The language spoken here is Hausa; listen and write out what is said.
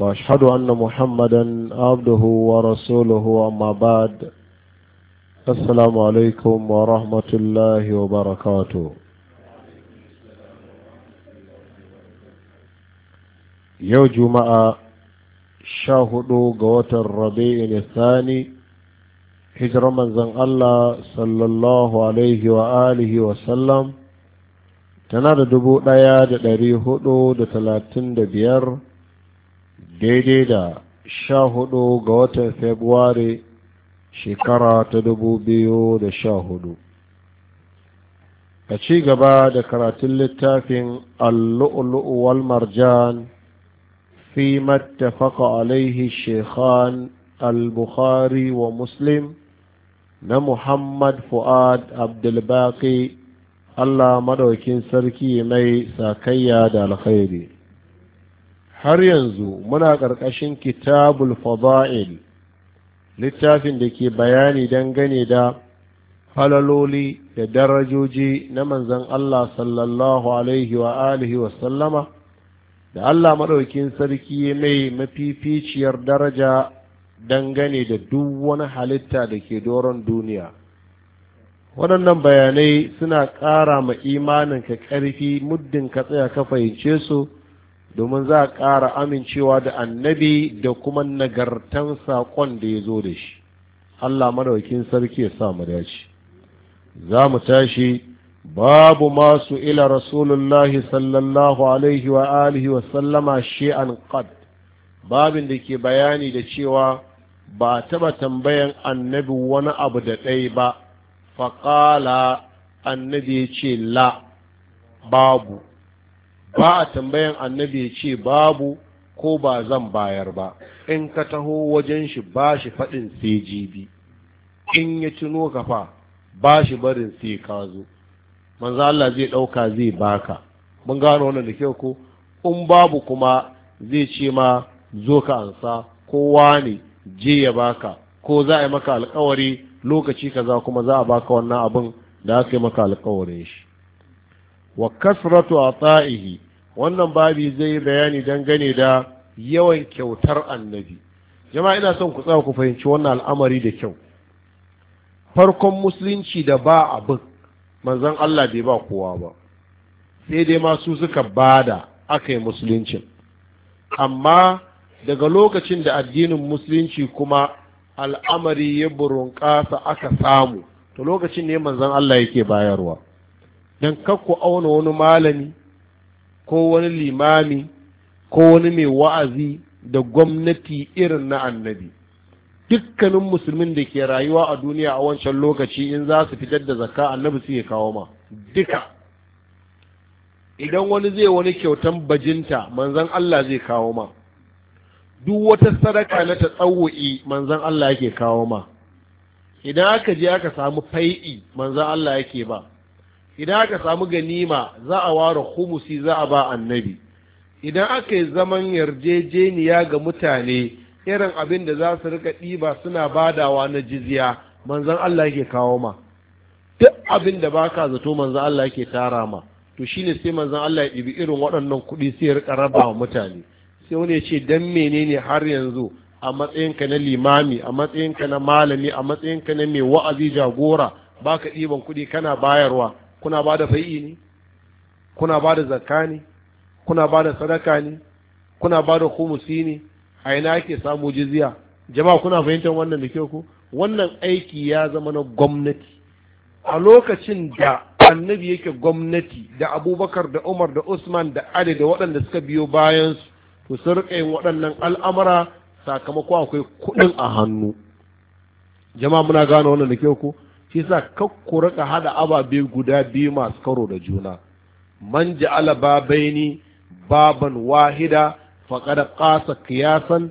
وأشهد أن محمدا عبده ورسوله أما بعد السلام عليكم ورحمة الله وبركاته يوم جمعة شاهدوا قوة الربيع الثاني hijirar manzon Allah sallallahu alaihi wa alihi wa tana da dubu ɗaya da ɗari hudu da talatin da biyar daidai da sha hudu ga watan februari shekara ta dubu biyu da sha hudu a ci gaba da karatun littafin allu'ulu'u wal marjan fi mattafaka alaihi shekhan al-bukhari wa muslim na muhammad fu'ad abdulbaki allah madaukin sarki mai sakayya da alkhairi har yanzu muna ƙarƙashin kitabul fada'il littafin da ke bayani dangane da halaloli da darajoji na Manzon Allah sallallahu alaihi wa alihi wa sallama da Allah maɗaukin sarki mai mafificiyar daraja dangane da duk wani halitta da ke doron duniya waɗannan bayanai suna ƙara ma imaninka ƙarfi muddin ka tsaya ka fahimce su domin za a ƙara amincewa da annabi da kuma nagartan saƙon da ya zo da shi allah madaukin sarki ya sa mu dace za mu tashi babu masu ila rasulullahi sallallahu alaihi wa alihi wa sallama shi'an qad babin da ke bayani da cewa ba taba tambayan annabi wani abu da ɗai ba faƙala annabi ya ce la babu ba a tambayan annabi ya ce babu ko ba zan bayar ba in ka taho wajen shi ba shi faɗin sai jibi in ya tuno ka fa ba shi barin sai ka zo manzo Allah zai ɗauka zai baka mun gano wannan da kyau ko in babu kuma zai ce ma zo ka ansa kowa ne je ya baka ko za a yi maka alkawari lokaci kaza kuma za a baka wannan abin da aka yi maka alkawarin shi wa kasratu ata'ihi wannan babi zai bayani dangane da yawan kyautar annabi jama'a ina son ku tsaya ku fahimci wannan al'amari da kyau farkon musulunci da ba abin manzon Allah bai ba kowa ba sai dai ma su suka bada aka yi musuluncin amma daga lokacin da addinin musulunci kuma al'amari ya burunƙasa aka samu to lokacin ne manzon Allah yake bayarwa don ku auna wani malami ko wani limami ko wani mai wa'azi da gwamnati irin na annabi dukkanin musulmin da ke rayuwa a duniya a wancan lokaci in za su fitar da zakka annabi su ya kawo ma duka idan wani zai wani kyautan bajinta manzan Allah zai kawo ma duk wata sadaka na ta tsawo'i manzan Allah yake kawo ma idan aka je aka samu fai'i manzan Allah yake ba idan aka samu ganima za a ware humusi za a ba annabi idan aka yi zaman yarjejeniya ga mutane irin abin da za su rika ɗiba suna badawa na jizya manzan Allah ke kawo ma duk abin da baka zato manzan Allah ke tara ma to shine sai manzan Allah ya ɗibi irin waɗannan kuɗi sai ya rika raba wa mutane sai wani ya ce dan menene har yanzu a matsayinka na limami a matsayinka na malami a matsayinka na mai wa'azi jagora baka ɗiban kuɗi kana bayarwa kuna ba da fai'i ne kuna ba da zakka ne kuna ba da sadaka ne kuna ba da kumusi ne a ina ake samu jizya jama'a kuna fahimtar wannan da kyau ku wannan aiki ya zama na gwamnati a lokacin da annabi yake gwamnati da abubakar da umar da usman da ali da waɗanda suka biyo bayansu to sun rika yin waɗannan al'amura sakamako akwai kuɗin a hannu jama'a muna gane wannan da kyau ku shi sa kakku rika hada ababe guda biyu masu karo da juna man ja'ala babaini baban wahida faqad qasa qiyasan